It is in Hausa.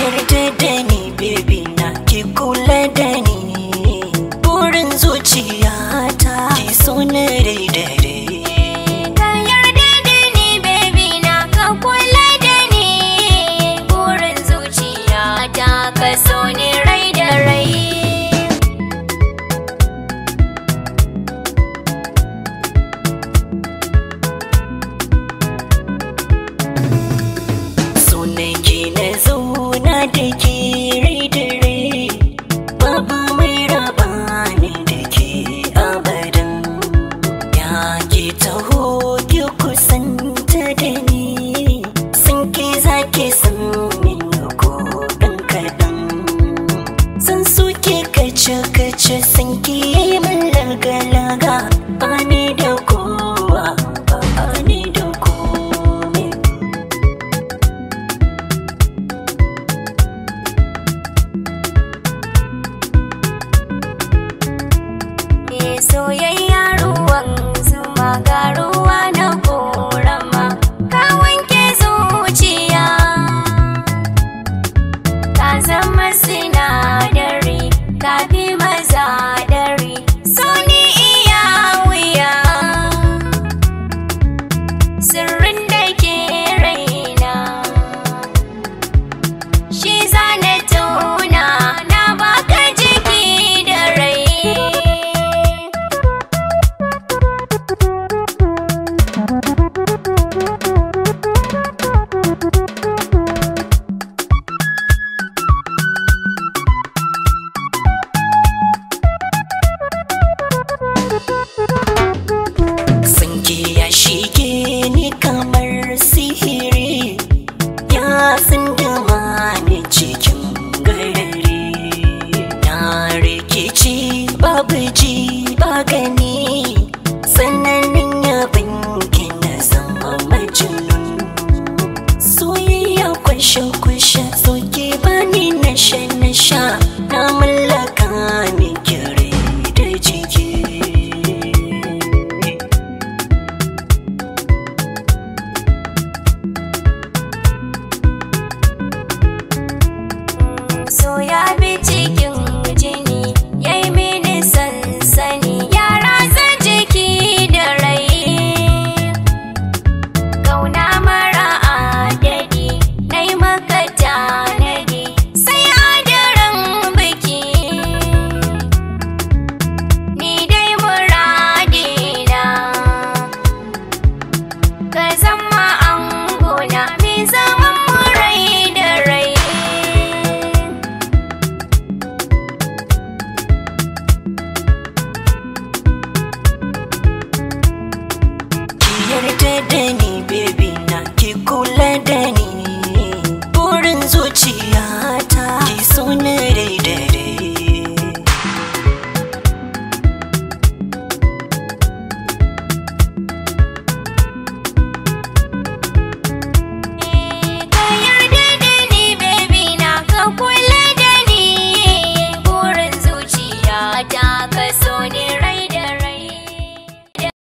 yarda da ni baby na ki kula da ni burin zuciyata ki so na daidai ki taho ki kusanta da ni san ke za ke san min ko dan kadan san su ke kace kace san ki yayi mallaka sun dama ni cikin garari na rikici babu ji ba zama angona mi zaman mu rai da rai ki yarda da ni baby na ki kula da ni burin zuciya